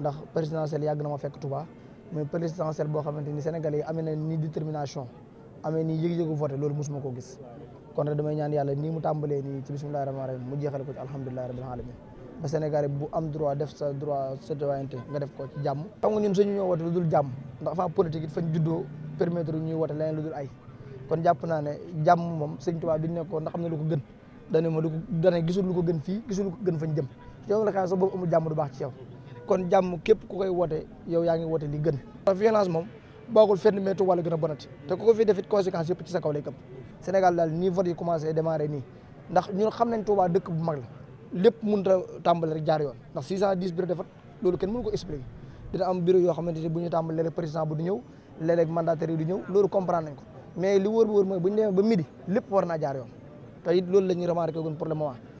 ndax présidentielle yàgg na ma fekk Touba mais présidentielle boo xamante ni Sénégalais yi amee na ni détermination amee ni yëg-yëgu voté loolu mosuma koo gis kon nag damay ñaan yàlla nii mu tàmbalee nii ci bisimilah rahmaani rahim mu jeexale ko ci alhamdulilah rabbil alamin ba Sénégalais bu am droit def sa droit citoyenneté nga def ko ci jàmm. xam nga ñun suñu ñoo wote lu dul jàmm ndax fa politique it fañ juddoo permettre ñuy wote leneen lu dul ay kon jàpp naa ne jàmm moom sëñ Touba bi nekkoon ndax am na lu ko gën dañu ma lu ko dañu gisul lu ko gën fii gisul lu ko gën fañ jëm yow la kaay sa boobu amul jàmm du baax ci yow kon jàmm képp ku koy woote yow yaa ngi woote li gën. violence moom boogul fenn météo wala gën a bonati te ku ko fi defit conséquence yëpp ci sa kaw lay këpp Sénégal daal nii vote yi commencé démarré nii ndax ñun xam nañ Touba dëkk bu mag la lépp mënut a tàmbali rek jaar yoon ndax 610 bureau defat loolu kenn mënu ko expliquer dina am bureau yoo xamante ne bu ñu tàmbali léeg-léeg président bu du ñëw léeg-léeg du ñëw loolu comprendre nañ ko mais li wóor bu wóor mooy bu ñu demee war naa jaar yoon te it loolu la ñuy remarqué woon pour le